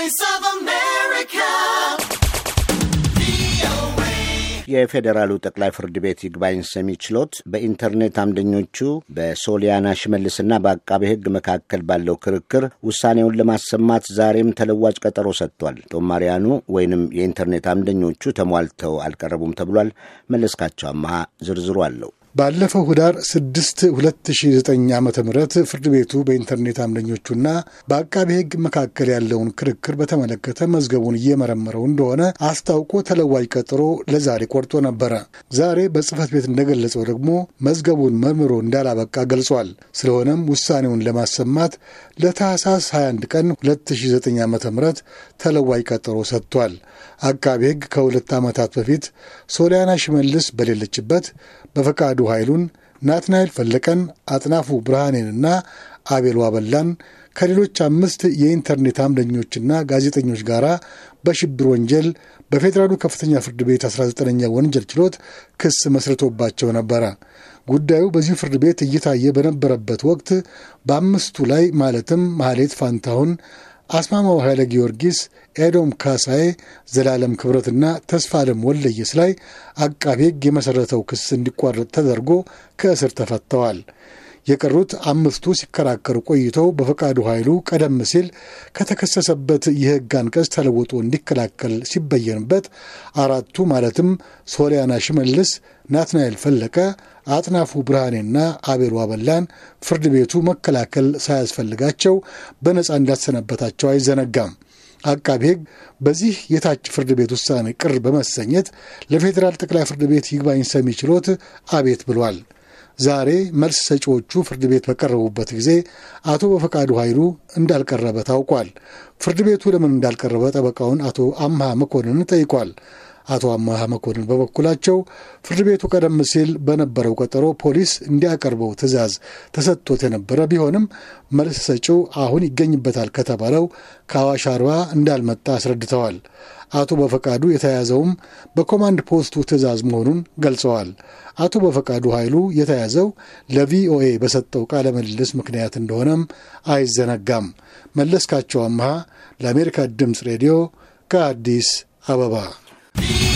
Voice of America. የፌዴራሉ ጠቅላይ ፍርድ ቤት ይግባኝ ሰሚ ችሎት በኢንተርኔት አምደኞቹ በሶሊያና ሽመልስና በአቃቤ ሕግ መካከል ባለው ክርክር ውሳኔውን ለማሰማት ዛሬም ተለዋጭ ቀጠሮ ሰጥቷል። ጦማሪያኑ ወይንም የኢንተርኔት አምደኞቹ ተሟልተው አልቀረቡም ተብሏል። መለስካቸው አመሃ ዝርዝሩ አለው። ባለፈው ህዳር 6 2009 ም ፍርድ ቤቱ በኢንተርኔት አምደኞቹና በአቃቤ ሕግ መካከል ያለውን ክርክር በተመለከተ መዝገቡን እየመረመረው እንደሆነ አስታውቆ ተለዋጭ ቀጠሮ ለዛሬ ቆርጦ ነበረ። ዛሬ በጽህፈት ቤት እንደገለጸው ደግሞ መዝገቡን መርምሮ እንዳላበቃ ገልጿል። ስለሆነም ውሳኔውን ለማሰማት ለታህሳስ 21 ቀን 2009 ዓ.ም ተለዋጭ ቀጠሮ ሰጥቷል። አቃቤ ህግ ከሁለት ዓመታት በፊት ሶሊያና ሽመልስ በሌለችበት በፈቃዱ ገመዱ ኃይሉን፣ ናትናኤል ፈለቀን፣ አጥናፉ ብርሃኔንና አቤል ዋበላን ከሌሎች አምስት የኢንተርኔት አምደኞችና ጋዜጠኞች ጋር በሽብር ወንጀል በፌዴራሉ ከፍተኛ ፍርድ ቤት 19ኛ ወንጀል ችሎት ክስ መስርቶባቸው ነበረ። ጉዳዩ በዚህ ፍርድ ቤት እየታየ በነበረበት ወቅት በአምስቱ ላይ ማለትም ማህሌት ፋንታሁን፣ አስማማው ኃይለ ጊዮርጊስ፣ ኤዶም ካሳዬ፣ ዘላለም ክብረትና ተስፋ ለም ወለየስ ላይ አቃቤ ሕግ የመሠረተው ክስ እንዲቋረጥ ተደርጎ ከእስር ተፈተዋል። የቀሩት አምስቱ ሲከራከሩ ቆይተው በፈቃዱ ኃይሉ ቀደም ሲል ከተከሰሰበት የሕግ አንቀጽ ተለውጦ እንዲከላከል ሲበየንበት አራቱ ማለትም ሶሊያና ሽመልስ፣ ናትናኤል ፈለቀ፣ አጥናፉ ብርሃኔና አቤል ዋበላን ፍርድ ቤቱ መከላከል ሳያስፈልጋቸው በነፃ እንዳሰነበታቸው አይዘነጋም። አቃቢ ሕግ በዚህ የታች ፍርድ ቤት ውሳኔ ቅር በመሰኘት ለፌዴራል ጠቅላይ ፍርድ ቤት ይግባኝ ሰሚ ችሎት አቤት ብሏል። ዛሬ መልስ ሰጪዎቹ ፍርድ ቤት በቀረቡበት ጊዜ አቶ በፈቃዱ ኃይሉ እንዳልቀረበ ታውቋል። ፍርድ ቤቱ ለምን እንዳልቀረበ ጠበቃውን አቶ አምሃ መኮንን ጠይቋል። አቶ አማሀ መኮንን በበኩላቸው ፍርድ ቤቱ ቀደም ሲል በነበረው ቀጠሮ ፖሊስ እንዲያቀርበው ትዕዛዝ ተሰጥቶት የነበረ ቢሆንም መልስ ሰጪው አሁን ይገኝበታል ከተባለው ከአዋሽ አርባ እንዳልመጣ አስረድተዋል። አቶ በፈቃዱ የተያዘውም በኮማንድ ፖስቱ ትዕዛዝ መሆኑን ገልጸዋል። አቶ በፈቃዱ ኃይሉ የተያዘው ለቪኦኤ በሰጠው ቃለ ምልልስ ምክንያት እንደሆነም አይዘነጋም። መለስካቸው አምሃ ለአሜሪካ ድምፅ ሬዲዮ ከአዲስ አበባ Yeah.